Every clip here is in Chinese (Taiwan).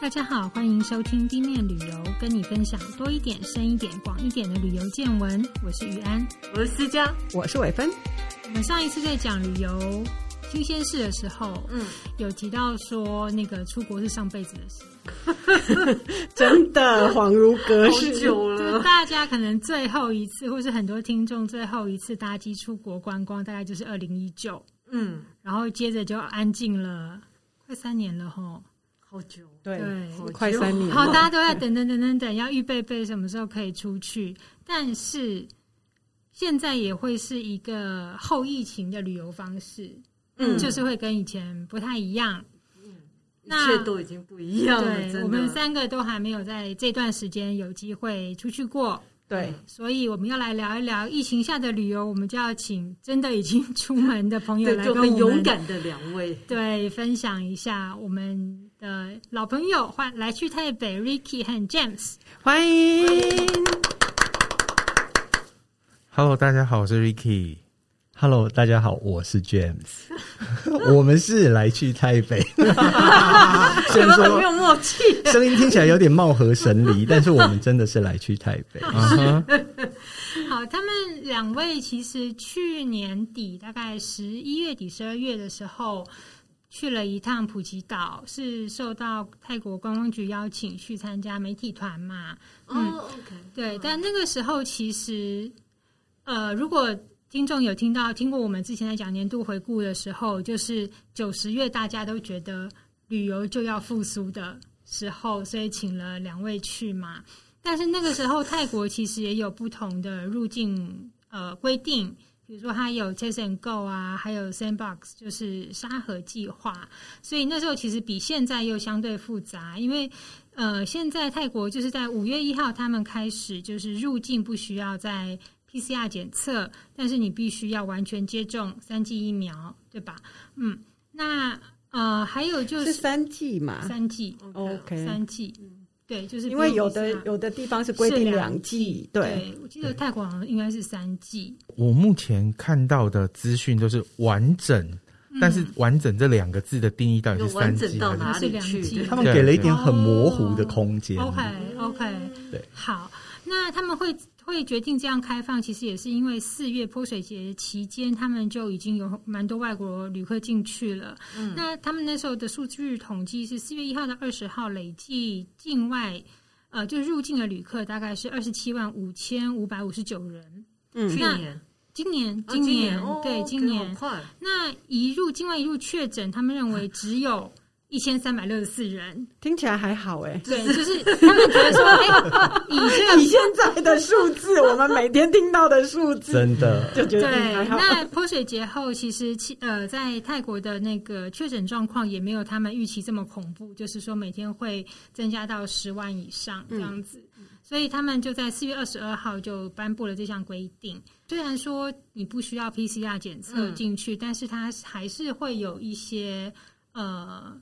大家好，歡迎收聽 B 面旅遊，跟你分享多一點、深一點、廣一點的旅遊見聞。我是於安，我是思佳，我是偉芬。我們上一次在講旅遊新鮮事的時候，嗯，有提到說那個出國是上輩子的事， 真的恍如隔世。 久了，大家可能最後一次，或是很多聽眾最後一次搭機出國觀光，大概就是二零一九，嗯，然後接着就安靜了，快三年了，吼。好久，對，久對快三年了。好，大家都在等等等等等，對要預備備什麼時候可以出去。但是現在也會是一個後疫情的旅遊方式，嗯，嗯，就是會跟以前不太一樣。嗯、那，一切都已經不一樣了，真的。我們三個都還沒有在這段時間有機會出去過。對，所以我們要來聊一聊疫情下的旅遊，我們就要請真的已經出門的朋友來跟我們，勇敢的兩位，對，分享一下我們的老朋友，歡迎來趣 .THAI 北，Ricky 和 James，歡迎。Hello，大家好，我是 Ricky。Hello，大家好，我是 James。我們是來去台北， 所以都沒有默契，聲音聽起來有點貌合神離， 但是我們真的是來去台北。好，他們兩位其實去年底，大概十一月底、十二月的時候，去了一趟普吉島，是受到泰國觀光局邀請去參加媒體團嘛？哦、嗯 oh, okay. 對。Okay. 但那個時候其實，呃，如果聽眾有聽到聽過我們之前在講年度回顧的時候，就是九十月大家都覺得旅遊就要復甦的時候，所以請了兩位去嘛。但是那個時候泰國其實也有不同的入境呃規定，比如說它有 Test and Go 啊，還有 Sandbox，就是沙盒計劃，所以那時候其實比現在又相對複雜，因為呃現在泰國就是在五月一號他們開始就是入境不需要再。PCR 檢測，但是你必須要完全接種三劑疫苗，對吧？嗯，那呃，還有就是三劑嘛，三劑，OK，三劑，對，就是因為有的有的地方是規定兩劑，對，我記得泰國好像應該是三劑。我目前看到的資訊都是完整，但是“完整”這兩個字的定義到底是完整到哪裡去？還是兩劑？他們給了一點很模糊的空間。OK，OK，對，好，那他們會會決定這樣開放，其實也是因為四月潑水節期間，他們就已經有蠻多外國旅客進去了。嗯、那他們那時候的數據統計是四月一號到二十號累計境外呃，就是入境的旅客大概是二十七萬五千五百五十九人。嗯、去年、今年、今年對今年那一入境外，一入確診，他們認為只有。 一千三百六十四人，聽起來還好哎、欸。對，就是他們覺得說，以現、 欸、以現在的數字， 我們每天聽到的數字，真的就覺得還好。對，那潑水節後，其實呃，在泰國的那個確診狀況也沒有他們預期這麼恐怖，就是說每天會增加到十萬以上這樣子，嗯、所以他們就在四月二十二號就頒布了這項規定。雖然說你不需要 PCR 檢測進去，嗯、但是它還是會有一些呃。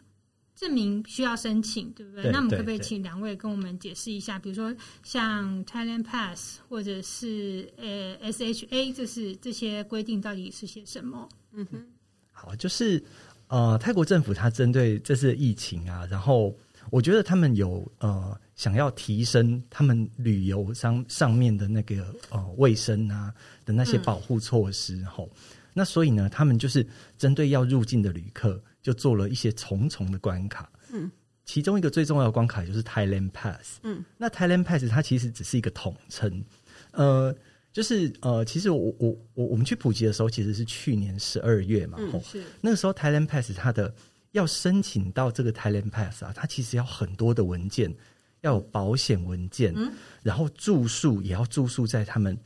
證明需要申請，對不對？那我們可不可以請兩位跟我們解釋一下？比如說像 Thailand Pass 或者是 SHA，這是這些規定到底是些什麼？嗯哼，好，就是呃，泰國政府它針對這次疫情啊，然後我覺得他們有呃想要提升他們旅遊商上，上面的那個呃衛生啊的那些保護措施，嗯、然後。那所以呢，他們就是針對要入境的旅客，就做了一些重重的關卡。嗯，其中一個最重要的關卡就是 Thailand Pass。嗯，那 Thailand Pass 它其實只是一個統稱。呃，就是呃，其實我我我我們去普吉的時候，其實是去年十二月嘛。嗯，是那個時候 Thailand Pass 它的要申請到這個 Thailand Pass 啊，它其實要很多的文件，要有保險文件，嗯，然後住宿也要住宿在他們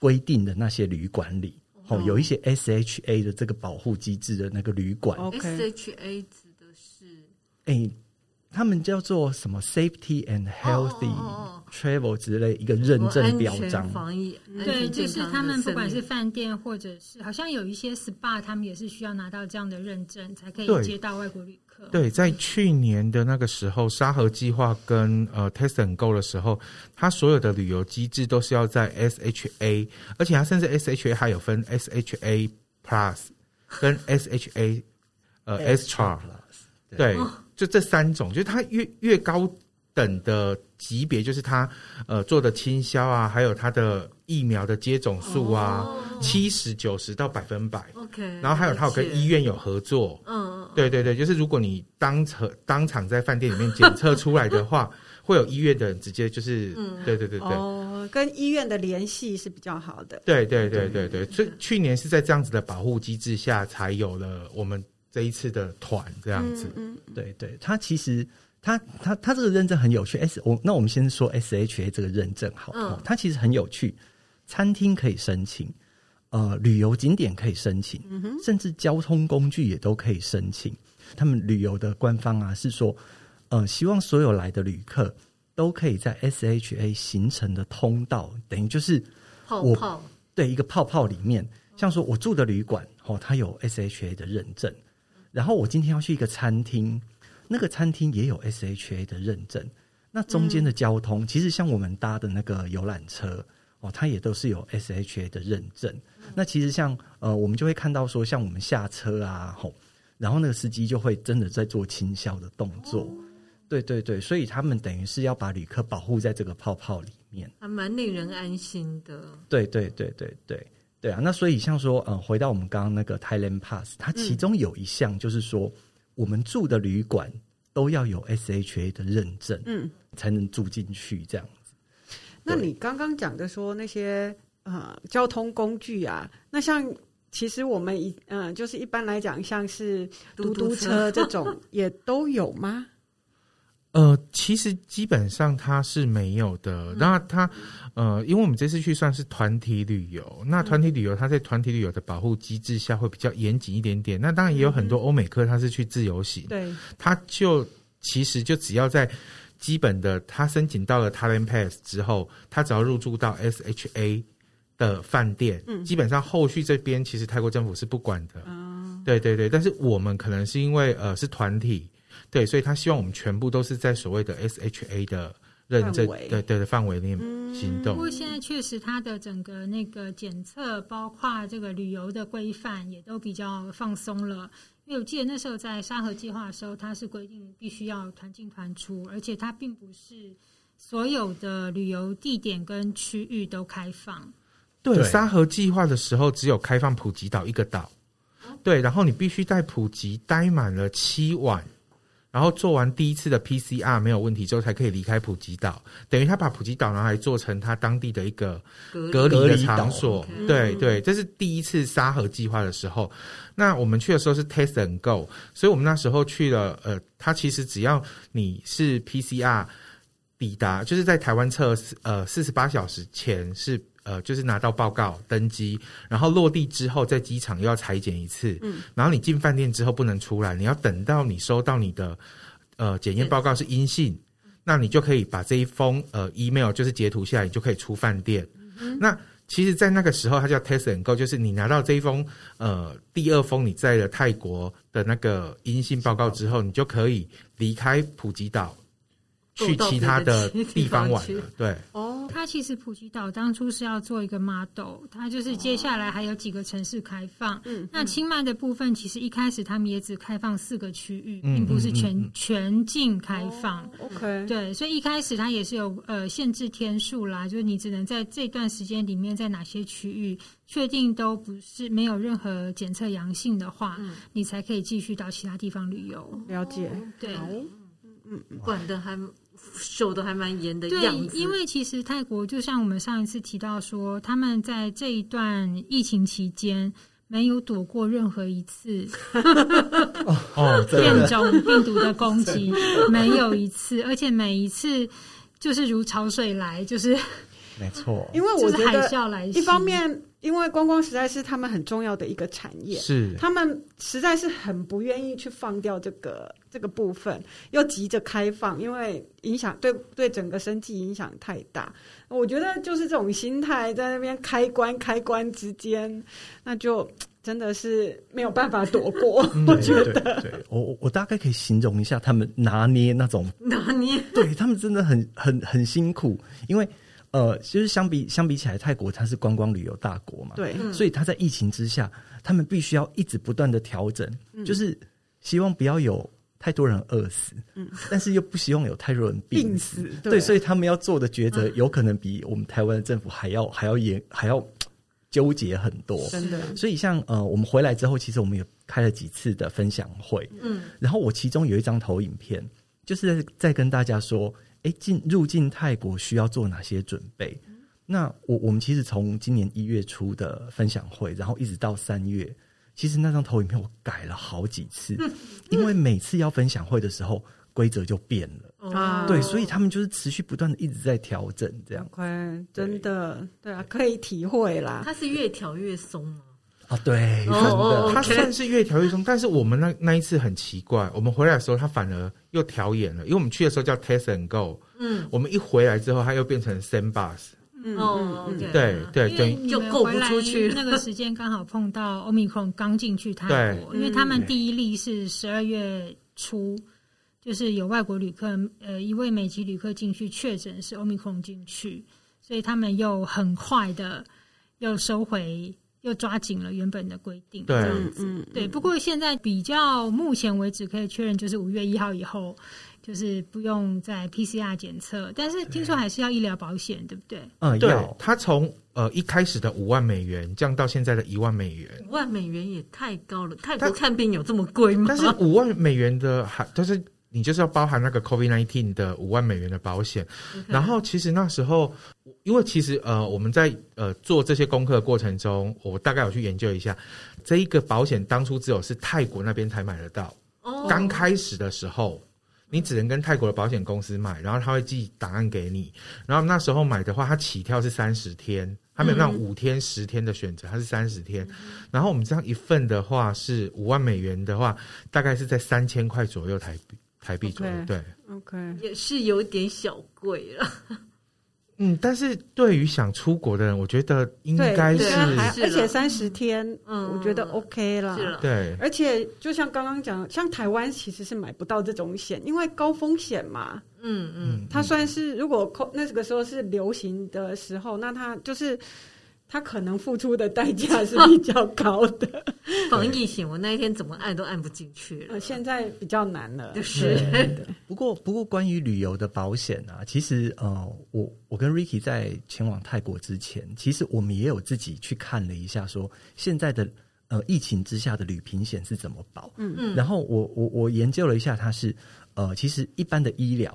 規定的那些旅館裡。哦，有一些 SHA 的這個保護機制的那個旅館。OK，SHA 指的是誒？他們叫做什麼 “Safety and Healthy Travel” 之類一個認證標章，對，就是他們不管是飯店或者是，好像有一些 SPA，他們也是需要拿到這樣的認證才可以接到外國旅客。對，在去年的那個時候，沙盒計劃跟呃 Test and Go 的時候，它所有的旅遊機制都是要在 SHA，而且它甚至 SHA 還有分 SHA Plus 跟 SHA 呃 Extra，對。就這三種，就是它越越高等的級別，就是它呃做的清消啊，還有它的疫苗的接種數啊，七十九十到百分百，OK。然後還有它有跟醫院有合作，嗯，okay. 對對對，就是如果你當場當場在飯店裡面檢測出來的話， 會有醫院的人直接就是，嗯， 對，對對對對，哦，跟醫院的聯繫是比較好的，對對對對對，所以去年是在這樣子的保護機制下才有了我們。這一次的團這樣子，嗯嗯嗯，對對，他其實他他他這個認證很有趣。S 我那我們先說 S H A 這個認證好，好、嗯哦，他其實很有趣。餐廳可以申請，呃，旅遊景點可以申請，嗯、哼甚至交通工具也都可以申請。他們旅遊的官方啊是說，呃，希望所有來的旅客都可以在 S H A 行程的通道，等於就是我泡泡對一個泡泡裡面，像說我住的旅館哦，它有 S H A 的認證。然後我今天要去一個餐廳，那個餐廳也有 S H A 的認證。那中間的交通，嗯、其實像我們搭的那個遊覽車哦，它也都是有 S H A 的認證。嗯、那其實像呃，我們就會看到說，像我們下車啊，吼，然後那個司機就會真的在做清消的動作。哦、對對對，所以他們等於是要把旅客保護在這個泡泡裡面。啊，蠻令人安心的。對，對對對對對。對啊，那所以像說，嗯，回到我們剛剛那個 Thailand Pass，它其中有一項就是說，嗯、我們住的旅館都要有 S H A 的認證，嗯，才能住進去這樣子。那你剛剛講的說那些呃交通工具啊，那像其實我們一嗯、呃，就是一般來講，像是嘟嘟車這種也都有嗎？ 呃，其實基本上它是沒有的。嗯、那他呃，因為我們這次去算是團體旅遊，嗯、那團體旅遊它在團體旅遊的保護機制下會比較嚴謹一點點。那當然也有很多歐美客他是去自由行，嗯、對，他就其實就只要在基本的他申請到了 Thailand Pass 之後，他只要入住到 SHA 的飯店，嗯，基本上後續這邊其實泰國政府是不管的。嗯，對對對，但是我們可能是因為呃是團體。對，所以他希望我們全部都是在所謂的 SHA 的認證，範圍嗯、對，對對的範圍內行動。不過現在確實，它的整個那個檢測，包括這個旅遊的規範，也都比較放鬆了。因為我記得那時候在沙盒計劃的時候，它是規定必須要團進團出，而且它並不是所有的旅遊地點跟區域都開放。對，沙盒計劃的時候只有開放普吉島一個島，對，然後你必須在普吉待滿了七晚。然後做完第一次的 PCR 沒有問題之後，就才可以離開普吉島。等於他把普吉島拿來做成他當地的一個隔離的場所。對、嗯、對，這是第一次沙盒計劃的時候。那我們去的時候是 test and go，所以我們那時候去了。呃，他其實只要你是 PCR 抵達，就是在台灣測，呃，四十八小時前是。呃，就是拿到報告登機，然後落地之後在機場又要採檢一次，嗯，然後你進飯店之後不能出來，你要等到你收到你的呃檢驗報告是陰性，嗯、那你就可以把這一封呃 email 就是截圖下來，你就可以出飯店。嗯、哼那其實，在那個時候，它叫 test and go，就是你拿到這一封呃第二封你在了泰國的那個陰性報告之後，行你就可以離開普吉島去其他的地方玩了，對。哦它其實普吉島當初是要做一個 model，它就是接下來還有幾個城市開放。嗯，那清邁的部分其實一開始他們也只開放四個區域，並不是全全境開放。OK，對，所以一開始它也是有呃限制天數啦，就是你只能在這段時間裡面在哪些區域確定都不是沒有任何檢測陽性的話，你才可以繼續到其他地方旅遊。了解，對，嗯嗯，管的還。守的還蠻嚴的樣子，對，因為其實泰國就像我們上一次提到說，他們在這一段疫情期間沒有躲過任何一次變種病毒的攻擊，沒有一次，而且每一次就是如潮水來，就是沒錯，因為我是海嘯來襲，一方面。因為觀光實在是他們很重要的一個產業，是他們實在是很不願意去放掉這個這個部分，又急着開放，因為影響對對整個經濟影響太大。我覺得就是這種心態在那邊開關開關之間，那就真的是沒有辦法躲過。嗯、我覺得，對，對我我大概可以形容一下他們拿捏那種拿捏，對他們真的很很很辛苦，因為。呃，就是相比相比起來，泰國它是觀光旅遊大國嘛，對，嗯、所以他在疫情之下，他們必須要一直不斷的調整，嗯、就是希望不要有太多人餓死，嗯、但是又不希望有太多人病死，病死對，對，所以他們要做的抉擇，有可能比我們台灣的政府還要、啊、還要嚴，還要糾結很多，真的。所以像呃，我們回來之後，其實我們也開了幾次的分享會，嗯，然後我其中有一張投影片，就是在，在跟大家說。哎，進入境泰國需要做哪些準備？嗯、那我我們其實從今年一月初的分享會，然後一直到三月，其實那張投影片我改了好幾次， 因為每次要分享會的時候規則就變了。啊、哦，對，所以他們就是持續不斷的一直在調整這樣。快 Okay, 對，真的，對啊，可以體會啦。它是越調越鬆嗎、啊？啊，oh, 對，真的，它、oh, okay. 算是越調越鬆，但是我們那那一次很奇怪，我們回來的時候，它反而又調嚴了，因為我們去的時候叫 Test and Go，嗯，我們一回來之後，它又變成 Sandbox，嗯，哦，對對，就夠不出去，那個時間剛好碰到 Omicron 剛進去泰國，對嗯、因為他們第一例是十二月初，就是有外國旅客，呃，一位美籍旅客進去確診是 Omicron 進去，所以他們又很快的又收回。又抓緊了原本的規定這樣子，對、嗯。嗯嗯、不過現在比較目前為止可以確認，就是五月一號以後就是不用再 PCR 檢測，但是聽說還是要醫療保險，對不對？嗯，對。呃、他從呃一開始的五萬美元降到現在的一萬美元，五萬美元也太高了。泰國看病有這麼貴嗎？但、但是五萬美元的還就是。你就是要包含那個 COVID-19 的五萬美元的保險，然後其實那時候，因為其實呃我們在呃做這些功課的過程中，我大概有去研究一下，這一個保險當初只有是泰國那邊才買得到。剛開始的時候，你只能跟泰國的保險公司買，然後他會寄檔案給你，然後那時候買的話，它起跳是三十天，他沒有讓五天、十天的選擇，它是三十天。然後我們這樣一份的話是五萬美元的話，大概是在三千塊左右台幣。台幣左右，對，OK，, okay 也是有點小貴了。嗯，但是對於想出國的人，我覺得應該是還，而且三十天，嗯了，我覺得 OK 啦，嗯、是了。對，而且就像剛剛講，像台灣其實是買不到這種險，因為高風險嘛。嗯嗯，嗯它算是如果那個時候是流行的時候，那它就是。他可能付出的代價是比較高的。哦， 防疫險型對我那一天怎麼按都按不進去了，呃，現在比較難了。就是，不過不過關於旅遊的保險啊，其實呃，我我跟 Ricky 在前往泰國之前，其實我們也有自己去看了一下說，說現在的呃疫情之下的旅平險是怎麼保，嗯嗯，然後我我我研究了一下，它是呃，其實一般的醫療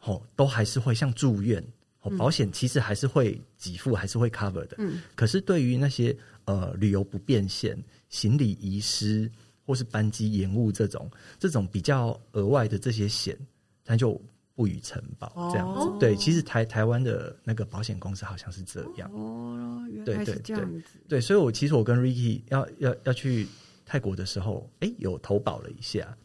哦、呃，都還是會像住院。哦、保險其實還是會給付，嗯、還是會 cover 的。嗯，可是對於那些呃旅遊不便險、行李遺失或是班機延誤這種，這種比較額外的這些險，它就不予承保。這樣子，哦、對，其實台台灣的那個保險公司好像是這樣哦。哦，原來是這樣子。對，對，對，對，所以我其實我跟 Ricky 要要要去泰國的時候，哎、欸，有投保了一下。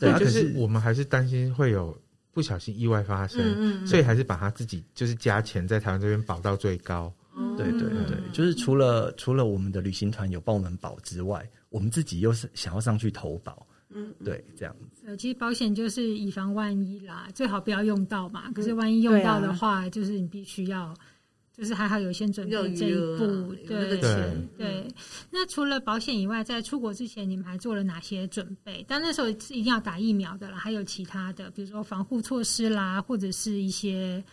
對，可是我們還是擔心會有。不小心意外發生，嗯嗯嗯嗯，所以還是把他自己就是加錢在台灣這邊保到最高。嗯、對對對，嗯、就是除了除了我們的旅行團有幫我們保之外，我們自己又是想要上去投保。嗯，嗯，對，這樣子。呃，其實保險就是以防萬一啦，最好不要用到嘛。可是萬一用到的話，就是你必須要，就是還好有先準備這一步，對對對。那除了保險以外，在出國之前你們還做了哪些準備？但那時候是一定要打疫苗的啦，還有其他的，比如說防護措施啦，或者是一些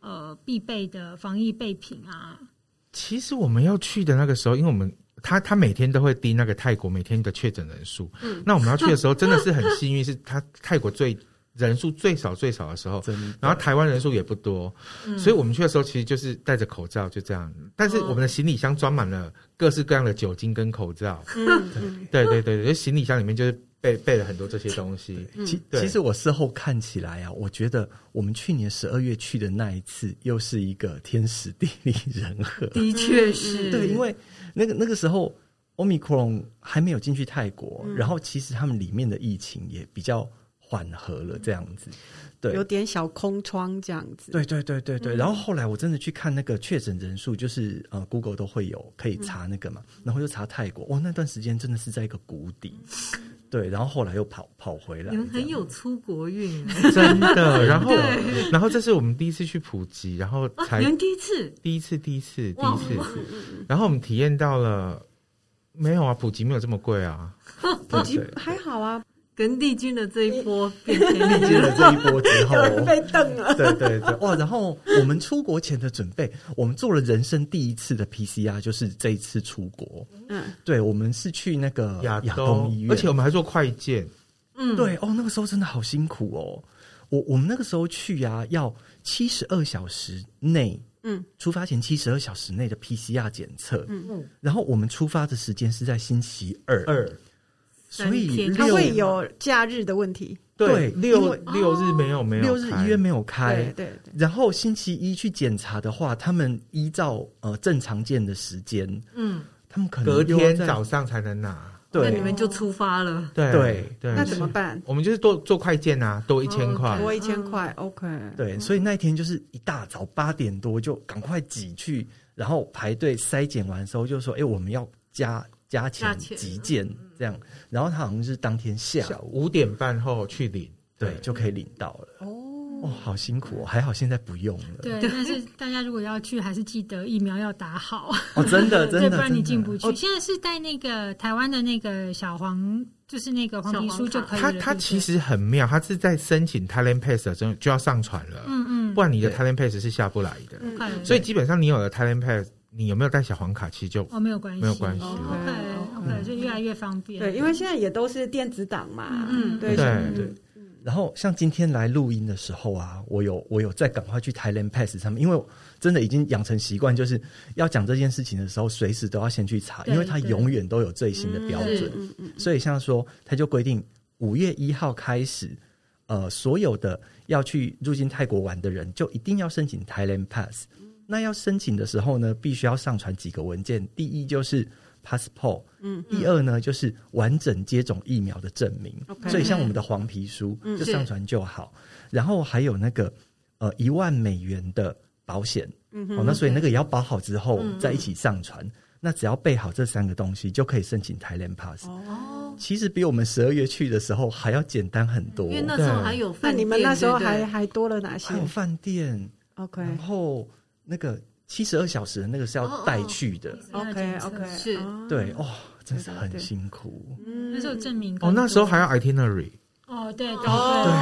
呃必備的防疫備品啊。其實我們要去的那個時候，因為我們他他每天都會盯那個泰國每天的確診人數，嗯，那我們要去的時候真的是很幸運，是他泰國最。人數最少最少的時候，真的然後台灣人數也不多，嗯、所以我們去的時候其實就是戴着口罩就這樣。嗯、但是我們的行李箱裝滿了各式各樣的酒精跟口罩，嗯、對對對對， 行李箱裡面就是備備了很多這些東西。其、嗯、對其實我事後看起來啊，我覺得我們去年十二月去的那一次又是一個天時地利人和，的確是。對，因為那個那個時候奧米克隆還沒有進去泰國，嗯、然後其實他們裡面的疫情也比較。緩和了這樣子，對，有點小空窗這樣子，對對對對對。然後後來我真的去看那個確診人數，就是呃、嗯，Google 都會有可以查那個嘛。然後又查泰國，哇，那段時間真的是在一個谷底，對。然後後來又跑跑回來，你們很有出國運，真的。然後然後這是我們第一次去普吉，然後才第一次第一次第一次第一次，然後我們體驗到了沒有啊，普吉沒有這麼貴啊，普吉還好啊。跟帝君的這一波變成帝君的這一波之後被瞪了。對對對，哇！然後我們出國前的準備，我們做了人生第一次的 PCR，就是這一次出國。嗯，對，我們是去那個亞亞東醫院，而且我們還做快件。嗯，對哦，那個時候真的好辛苦哦。我我們那個時候去呀、啊，要七十二小時內，嗯，出發前七十二小時內的 PCR 檢測。嗯嗯，然後我們出發的時間是在星期二。所以它會有假日的問題。對，六六日沒有沒有，六日醫院沒有開。對，然後星期一去檢查的話，他們依照呃正常件的時間，嗯，他們可能隔天早上才能拿。對，那你們就出發了。對對。那怎麼辦？我們就是多做快件啊，多一千塊，多一千塊。OK。對，所以那一天就是一大早八點多就趕快擠去，然後排隊篩檢完之後就說：“哎，我們要加。”加錢急件這樣，然後他好像是當天下午五點半後去領，對，就可以領到了。哦，好辛苦哦！還好現在不用了。對，但是大家如果要去，還是記得疫苗要打好哦，真的，真的，不然你進不去。現在是帶那個台灣的那個小黃，就是那個黃皮書就可以。他他其實很妙，他是在申請 Thailand Pass 的時候就要上傳了，嗯嗯，不然你的 Thailand Pass 是下不來的。所以基本上你有了 Thailand Pass。你有沒有帶小黃卡其實就哦沒有關係、哦、沒有關係，OK OK 就越來越方便。嗯、對，因為現在也都是電子檔嘛，嗯對對對。然後像今天來錄音的時候啊，我有我有再趕快去 Thailand Pass 上面，因為真的已經養成習慣，就是要講這件事情的時候，隨時都要先去查，對因為它永遠都有最新的標準。嗯所以像說，它就規定五月一號開始，呃，所有的要去入境泰國玩的人，就一定要申請 Thailand Pass。那要申請的時候呢，必須要上傳幾個文件。第一就是 passport，嗯，第二呢就是完整接種疫苗的證明，所以像我們的黃皮書就上傳就好。然後還有那個呃一萬美元的保險，嗯，那所以那個也要保好之後再一起上傳。那只要備好這三個東西，就可以申請 Thailand Pass。哦，其實比我們十二月去的時候還要簡單很多，因為那時候還有飯店，那你們那時候還還多了哪些？還有飯店，OK，然後。那個七十二小時，那個是要帶去的。Oh, oh, OK OK，是，對，哦，真是很辛苦。嗯、那時候證明哦，oh, 那時候還要 itinerary。哦，oh, 對，對對。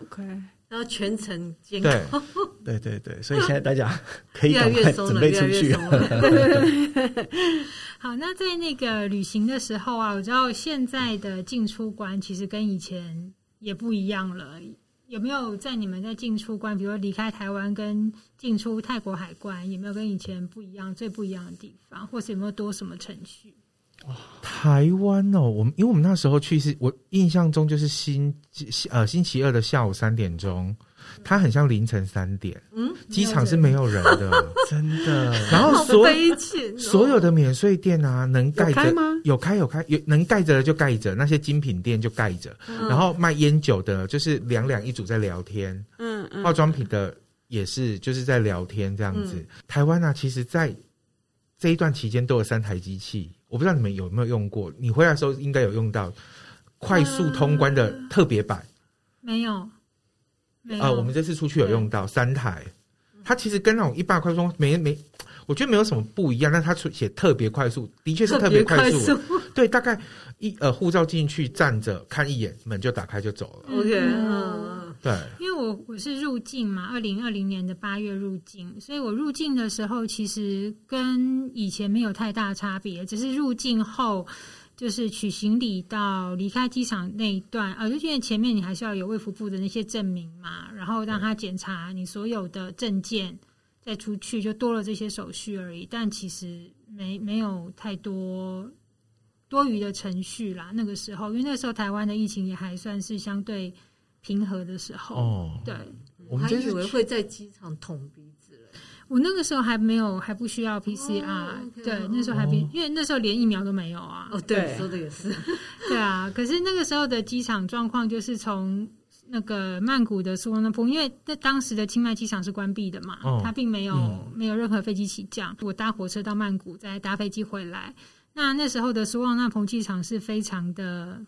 OK，然後全程監控。對，對對對，所以現在大家可以 越來越鬆了，準備去越來越 對好，那在那個旅行的時候啊，我知道現在的進出關其實跟以前也不一樣了。有沒有在你們在進出關，比如離開台灣跟進出泰國海關，有沒有跟以前不一樣？最不一樣的地方，或是有沒有多什麼程序？哇。台灣哦，我們因為我們那時候去是，我印象中就是星呃星期二的下午三點鐘。它很像凌晨三點，嗯，機場是沒有人的，嗯、真的。 然後所、喔、所有的免稅店啊，能蓋着，有開嗎？有開有開，有能蓋着的就蓋着，那些精品店就蓋着。嗯、然後賣煙酒的，就是兩兩一組在聊天，嗯，嗯，嗯，化妝品的也是，就是在聊天這樣子。嗯、台灣啊，其實，在這一段期間都有三台機器，我不知道你們有沒有用過。你回來的時候應該有用到快速通關的特別版、嗯嗯，沒有。啊、呃，我們這次出去有用到三台，對它其實跟那種一般快充沒沒，我覺得沒有什麼不一樣，嗯、但它出寫特別快速，的確是特別快速，快速對，大概一呃護照進去站着看一眼，門就打開就走了。OK，嗯，嗯對，因為我我是入境嘛，二零二零年的八月入境，所以我入境的時候其實跟以前沒有太大差別，只是入境後。就是取行李到離開機場那一段，啊，就現在前面你還是要有衛福部的那些證明嘛，然後讓他檢查你所有的證件，再出去就多了這些手續而已。但其實沒沒有太多多餘的程序啦。那個時候，因為那時候台灣的疫情也還算是相對平和的時候，哦，oh, 對，我還以為會在機場統。我那個時候還沒有，還不需要 PCR，oh, okay. 對，那時候還沒，oh. 因為那時候連疫苗都沒有啊。哦，oh, 對，對說的也是， 對啊。可是那個時候的機場狀況，就是從那個曼谷的蘇萬那彭，因為在當時的清邁機場是關閉的嘛，oh, 它並沒有、嗯、沒有任何飛機起降。我搭火車到曼谷，再搭飛機回來。那那時候的蘇萬那彭機場是非常的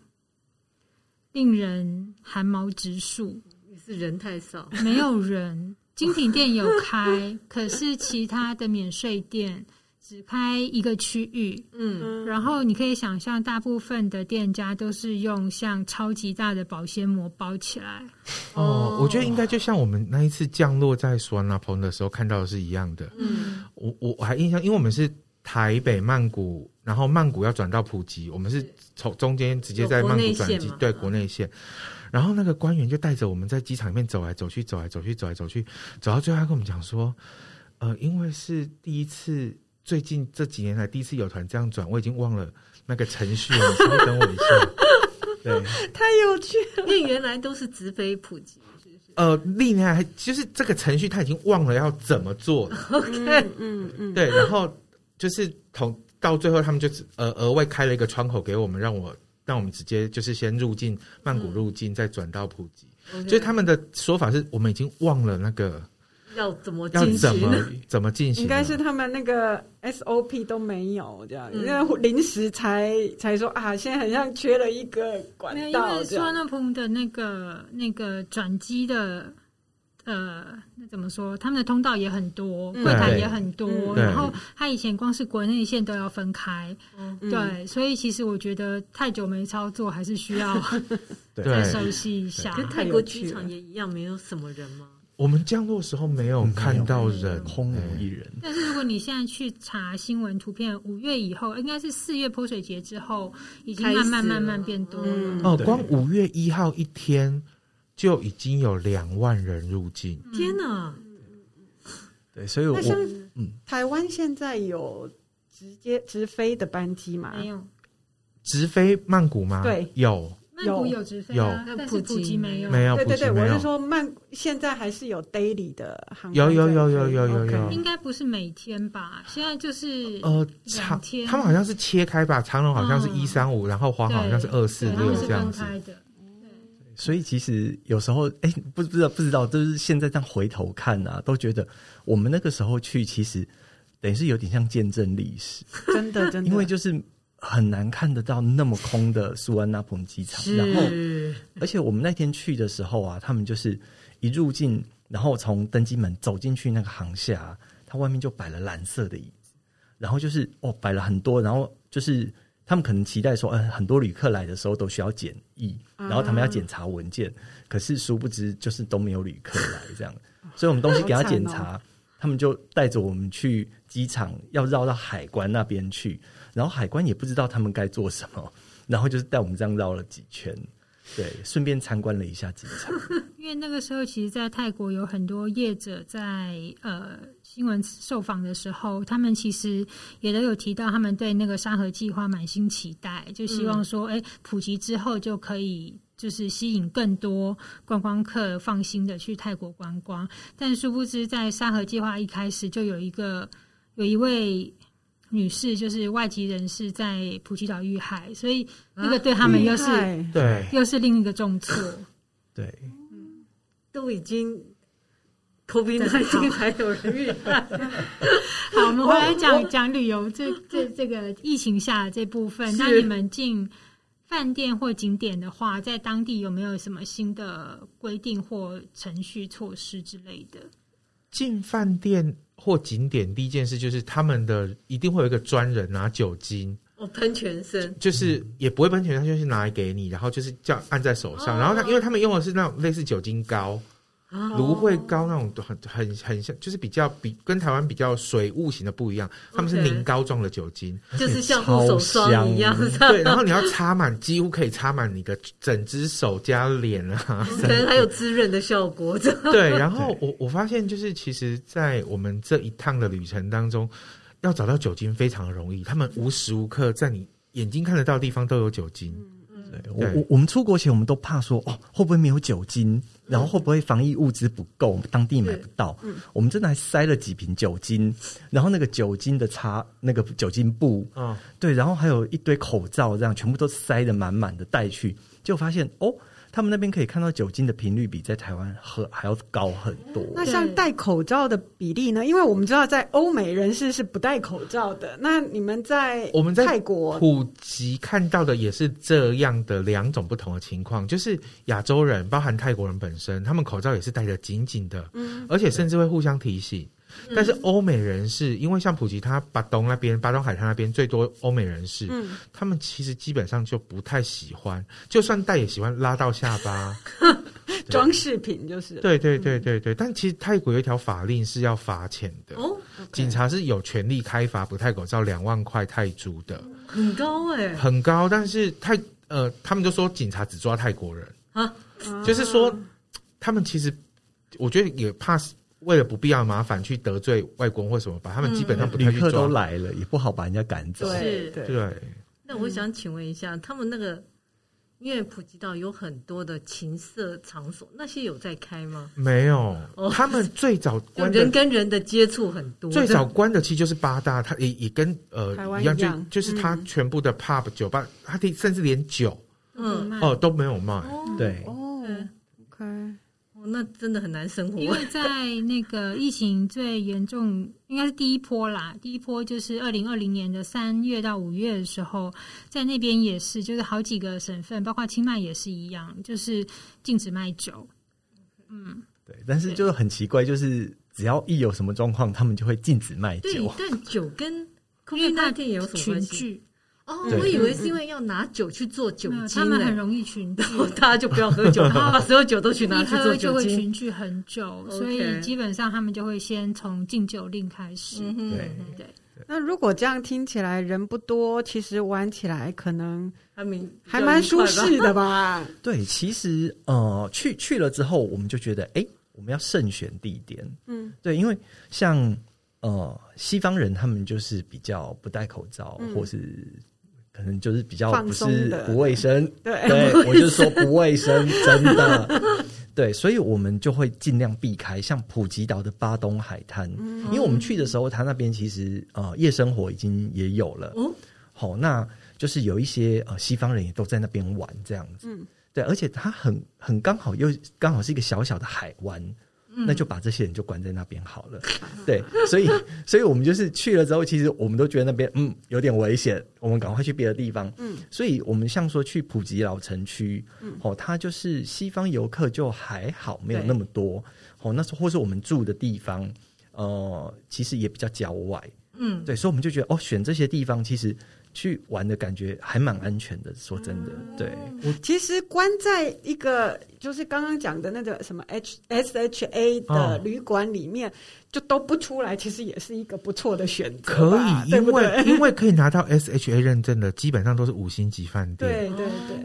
令人寒毛直豎，也是人太少，沒有人。 精品店有開，可是其他的免稅店只開一個區域。嗯，然後你可以想象，大部分的店家都是用像超級大的保鮮膜包起來。哦，我覺得應該就像我們那一次降落在素萬那普的時候看到的是一樣的。嗯，我我我還印象，因為我們是台北曼谷，然後曼谷要轉到普吉，我們是從中間直接在曼谷轉機，對，國內線。然後那個官員就帶着我們在機場裡面走來走去，走來走去，走來走去，走到最後他跟我們講說，呃，因為是第一次，最近這幾年來第一次有團這樣轉，我已經忘了那個程序了、啊， 稍等我一下。 對，太有趣了，因為原來都是直飛普吉，呃歷是？呃，歷年來，其、就、實、是、這個程序他已經忘了要怎麼做了。OK，嗯 嗯，對、嗯，然後就是同到最後，他們就呃額，額外開了一個窗口給我們，讓我。但我們直接就是先入境曼谷入境，嗯、再轉到普吉。Okay 所以他們的說法是我們已經忘了那個要怎麼要怎麼怎麼進行， 應該是他們那個 SOP 都沒有這樣，嗯、因為臨時才才說啊，現在好像缺了一個管道，因為素萬那普的那個那個轉機的。呃，那怎麼說？他們的通道也很多，櫃、嗯、台也很多，對然後他以前光是國內線都要分開，嗯、對，嗯、所以其實我覺得太久沒操作，還是需要再熟悉一下。跟泰國機場也一樣，沒有什麼人嗎？我們降落時候沒有看到人，空無一人。對但是如果你現在去查新聞圖片，五月以後應該是四月潑水節之後，已經慢慢慢慢變多了。了嗯、哦，光五月一號一天，就已經有兩萬人入境。天哪！對，所以我嗯，台灣現在有直接直飛的班機嗎？沒有，直飛曼谷嗎？對，有曼谷有直飛，但是普吉沒有，沒有，對對對，我是說曼，現在還是有 daily 的航班。有有有有有有，應該不是每天吧？現在就是呃，長，他們好像是切開吧，長榮好像是一三五，然後華好像是二四六這樣子。所以其實有時候哎、欸，不知道不知道，就是現在這樣回頭看啊，都覺得我們那個時候去，其實等於是有點像見證歷史，真的真的，因為就是很難看得到那麼空的蘇安那蓬機場。是然後，而且我們那天去的時候啊，他們就是一入境，然後從登機門走進去那個航廈，它外面就擺了藍色的椅子，然後就是哦擺了很多，然後就是。他們可能期待說，嗯，很多旅客來的時候都需要檢疫，嗯、然後他們要檢查文件。可是殊不知，就是都沒有旅客來這樣， 所以我們東西給他檢查， 好慘吧。他們就帶着我們去機場，要繞到海關那邊去，然後海關也不知道他們該做什麼，然後就是帶我們這樣繞了幾圈。對，順便參觀了一下機場。因為那個時候，其實，在泰國有很多業者在呃新聞受訪的時候，他們其實也都有提到，他們對那個沙盒計劃滿心期待，就希望說，哎、嗯，普及之後就可以就是吸引更多觀光客放心的去泰國觀光。但殊不知，在沙盒計劃一開始就有一個有一位。女士就是外籍人士在普吉島遇害，所以那個對他們又是對，啊、又是另一個重策。對、嗯，都已經偷兵難逃，還有人遇害。 好，我們回來講講旅遊，這這這個疫情下的這部分。是那你們進飯店或景點的話，在當地有沒有什麼新的規定或程序措施之類的？進飯店。或景點，第一件事就是他們的一定會有一個專人拿酒精，哦，噴全身，就是也不會噴全身，就是拿來給你，然後就是這樣按在手上，噢然後他因為他們用的是那種類似酒精膏。蘆薈膏那種很很很像，就是比較比跟台灣比較水霧型的不一樣，Okay. 他們是凝膏狀的酒精，就是像護手霜一樣。欸、對，然後你要擦滿， 幾乎可以擦滿你的整隻手加臉啊，可能還有滋潤的效果。 對，然後我我發現就是，其實，在我們這一趟的旅程當中，要找到酒精非常容易，他們無時無刻在你眼睛看得到的地方都有酒精。嗯我對我，我們出國前，我們都怕說哦，會不會沒有酒精，然後會不會防疫物資不夠，當地買不到。嗯、我們真的還塞了幾瓶酒精，然後那個酒精的擦，那個酒精布，嗯、哦，對，然後還有一堆口罩，這樣全部都塞得滿滿的帶去，結果發現哦，他們那邊可以看到酒精的頻率比在台灣喝還要高很多。那像戴口罩的比例呢？因為我們知道在歐美人士是不戴口罩的。那你們在我們在泰國普吉看到的也是這樣的兩種不同的情況，就是亞洲人，包含泰國人本身，他們口罩也是戴得緊緊的，嗯，而且甚至會互相提醒。但是歐美人士，嗯、因為像普吉他、他巴東那邊，巴東海灘那邊最多歐美人士，嗯、他們其實基本上就不太喜歡，就算戴也喜歡拉到下巴，裝飾 品就是。對，對對對對對，嗯、但其實泰國有一條法令是要罰錢的哦，okay、警察是有權利開罰，不戴口罩兩萬塊泰銖的，很高哎、欸，很高。但是泰呃，他們就說警察只抓泰國人啊，就是說他們其實我覺得也怕為了不必要麻煩去得罪外國人或什麼，把他們基本上不太去抓，都來了，也不好把人家趕走。對對。那我想請問一下，他們那個，因為普吉島有很多的情色場所，那些有在開嗎？沒有，他們最早關的人跟人的接觸很多，最早關的其實就是八大，他也也跟呃台灣一樣，就就是他全部的 pub 酒吧，他甚至連酒嗯哦都沒有賣，對哦，OK。那真的很難生活。因為在那個疫情最嚴重， 應該是第一波啦。第一波就是二零二零年的三月到五月的時候，在那邊也是，就是好幾個省份，包括清邁也是一樣，就是禁止賣酒。嗯，對。但是就是很奇怪，對就是只要一有什麼狀況，他們就會禁止賣酒。對，但酒跟 因為那天也有群聚。哦，我以為是因為要拿酒去做酒精。他們很容易群聚，大家就不要喝酒，他把所有酒都去拿去做酒精，就會群聚很久，所以基本上他們就會先從禁酒令開始。對對對。那如果這樣聽起來人不多，其實玩起來可能還蠻還蠻舒適的吧？對，其實呃，去去了之後，我們就覺得，哎，我們要慎選地點。嗯，對，因為像呃西方人，他們就是比較不戴口罩，或是。可能就是比較不是不衛生，對，對我就是說不衛生， 真的，對，所以我們就會盡量避開，像普吉島的巴東海灘，嗯、哼因為我們去的時候，它那邊其實呃夜生活已經也有了，嗯，好、哦，那就是有一些呃西方人也都在那邊玩這樣子，嗯，對，而且它很很剛好又剛好是一個小小的海灣。那就把這些人就關在那邊好了，嗯、對，所以，所以我們就是去了之後， 其實我們都覺得那邊嗯有點危險，我們趕快去別的地方。嗯，所以我們像說去普吉老城區，嗯，哦，它就是西方遊客就還好，沒有那麼多，對哦，那是或是我們住的地方，呃，其實也比較郊外。嗯，對，所以我們就覺得，哦，選這些地方其實去玩的感覺還蠻安全的。說真的，嗯、對，我其實關在一個就是剛剛講的那個什麼 H S H A 的旅館裡面，哦、就都不出來，其實也是一個不錯的選擇。可以，因為對對因為可以拿到 S H A 認證的， 基本上都是五星級飯店。對對對對，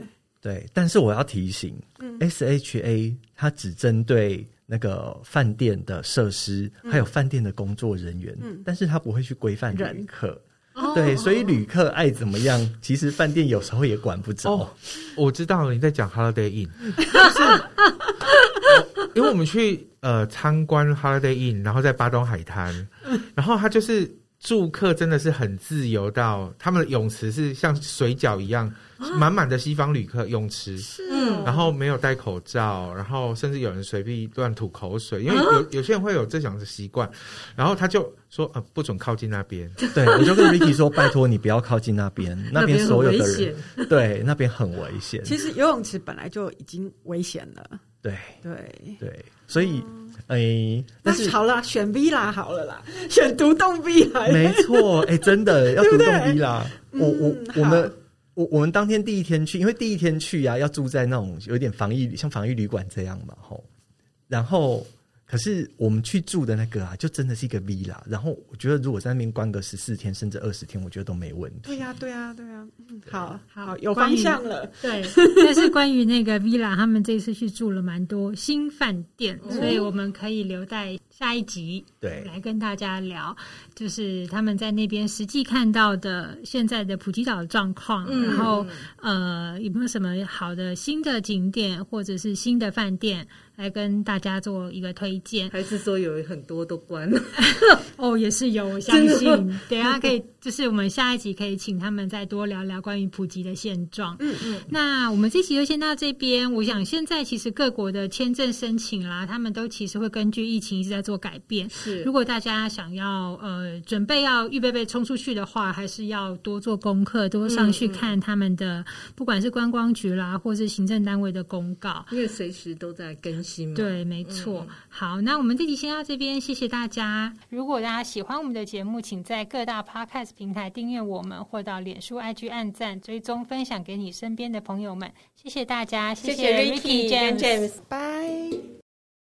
對，但是我要提醒，S,、嗯、S H A 它只針對。那個飯店的設施，還有飯店的工作人員，嗯、但是他不會去規範旅客，嗯、人對，哦、所以旅客愛怎麼樣，噢其實飯店有時候也管不着。哦。我知道你在講 Holiday Inn，就 是、呃、因為我們去呃參觀 Holiday Inn，然後在巴東海灘，嗯、然後他就是。住客真的是很自由到，到他們的泳池是像水餃一樣滿滿、啊、的西方旅客泳池，是。然後沒有戴口罩，然後甚至有人隨便亂吐口水，因為有、啊、有、有些人會有這樣的習慣，然後他就說、呃、不准靠近那邊，對，我就跟 Ricky 說 拜託你不要靠近那邊，那邊所有的人，對，那邊很危險。其實游泳池本來就已經危險了，對對對。對對所以，哎，但是好啦，選 V 啦，好了啦，選獨棟 V 啦，嗯、沒錯，誒、欸，真的 要獨棟 V 啦，我好我我們我我們當天第一天去，因為第一天去呀、啊，要住在那種有點防疫，像防疫旅館這樣嘛，吼，然後。可是我們去住的那個啊，就真的是一個 v i l a，然後我覺得，如果在那邊關個十四天甚至二十天，我覺得都沒問題。對呀、啊，對呀、啊，對呀、啊。嗯對，好好有方向了。對， 但是關於那個 v i l a，他們這次去住了蠻多新飯店， 所以我們可以留在下一集，對，來跟大家聊，對就是他們在那邊實際看到的現在的普吉島狀況，嗯、然後、嗯、呃，有沒有什麼好的新的景點或者是新的飯店來跟大家做一個推移。還是說有很多都關了 哦，也是有，我相信。的等一下可以， 就是我們下一集可以請他們再多聊聊關於普吉的現狀，嗯。嗯嗯。那我們這集就先到這邊。我想現在其實各國的簽證申請啦，嗯、他們都其實會根據疫情一直在做改變。是，如果大家想要呃準備要預備備衝出去的話，還是要多做功課，多上去看他們的，嗯嗯、不管是觀光局啦，或是行政單位的公告，因為隨時都在更新嘛。對，沒錯。嗯、好。好，那我們這集先到這邊，謝謝大家。如果大家喜歡我們的節目，請在各大 Podcast 平台訂閱我們，或到臉書、IG 按讚追蹤分享給你身邊的朋友們。謝謝大家，謝謝，謝,謝謝 Ricky，Ricky James，拜。